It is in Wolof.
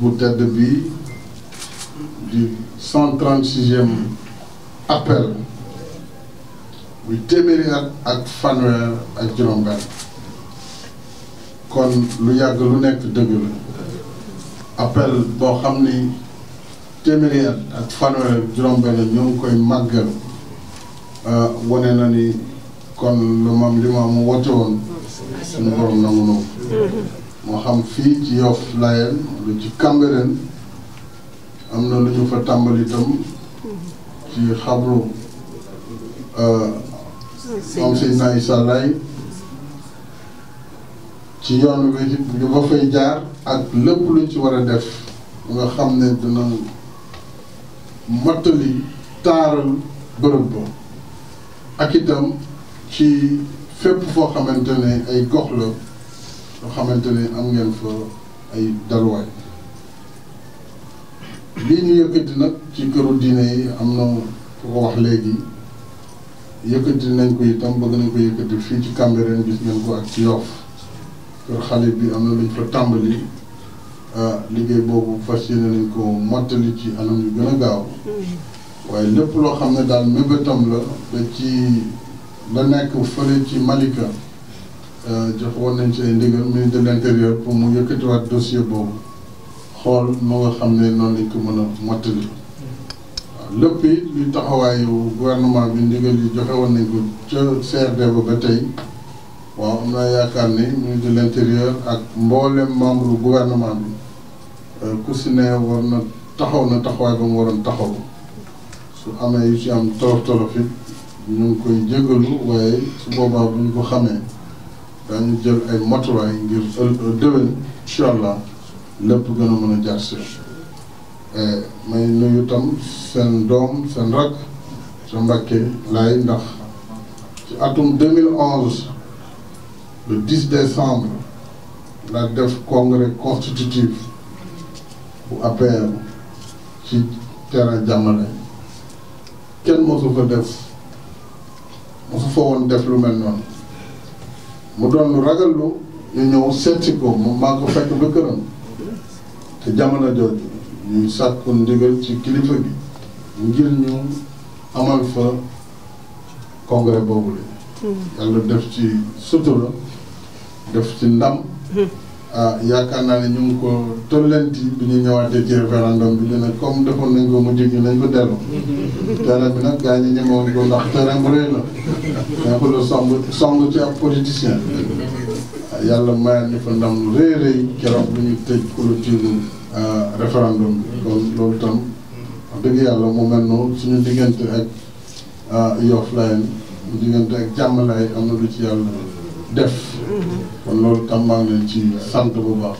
bu tedd bi du cent trente appel buy téeméeri ak fanweer ak juróom-benn kon lu yàgg lu nekk dëgg la appel boo xam ni téeméeri at ak fanweer ak juróom-benn ñoo ngi koy màggal euh, wane na ni kon lu mam li ma am woote woon suñu borom nangu noonu moo xam fii ci Yoff Layeen lu ci Cambérène am na lu ñu fa tàmbali itam ci xabru euh, moom Seydina Issa Laye ci yoon wi ñu ba fay jaar ak lépp luñ ci war a def nga xam ne dina mottali taaral bërëb ba ak itam ci fépp foo xamante ne ay gox la yoo xamante ne am ngeen fa ay daluwaay lii ñu yëkkati nag ci këru diine yi am na ku ko wax léegi yëkkati nañ ko itam bëgg nañ ko yëkkati fii ci Cambérène gis ngeen ko ak ci kër xale bi am na luñ fa tàmbali ah, liggéey boobu fas yéene nañ ko mottali ci anam yu gën a gaaw mm-hmm. waaye lépp loo xam ne daal mébétam la da ci la nekk fële ci Malika Euh, jox woon nañ ci ay ndigal ministre de l'intérieur pour mu yëkkatiwaat dossier boobu xool moo nga xam ne noonu lañ ko mën a mottali waaw lépp luy taxawaayu gouvernement bi ndigal yi joxe woon nañ ko ca CRD ba ba tey waaw am naa yaakaar ne ministre de l'intérieur ak mboolem membre gouvernement bi euh, ku si ne war na taxaw na taxawaay ba mu waroon taxaw su amee yu ci am tolof tolof it ñu koy jégalu waaye su boobaa bu ñu ko xamee daañu jël ay matuwaay ngir déwén incha allah lépp gën a mën a jaar eh, may nuyu tam seen doom seen rakk sa Mbàkke laay ndax ci atum 2011 le 10 décembre la def congrès constitutif bu APR ci terrain Jàmmale kenn mosu fa def mosu fa woon def lu mel noonu mu doon lu ragal lu ñu ñëw seetsi ko moom maa fekk ba këram te jamono jooju ñuy sàkku ndigal ci kilifa bi ngir ñu amal fa congrès boobu la hmm. yàlla def ci sutura def ci ndam hmm. ah yaakaar naa ne ñu ngi ko tollanti bi ñu ñëwaatee ci référendum bi ñu ne comme defoon nañ ko mu jéggi nañ ko dellu. terrain bi nag gars ñi ñemewoon ko ndax terrain bu rëy la. nekkul a song song ci ab politicien. yàlla mayal ñu fa ndam lu rëy rëy keroog bu ñu tëj clôture ah, référendum bi. kon loolu tam wax dëgg yàlla mu mel noonu suñu diggante ak ah, Yoff Layène diggante ak Jàmm Laay am na lu ci yàlla. def mhm. kon loolu tam maa ngi leen ci sant bu baax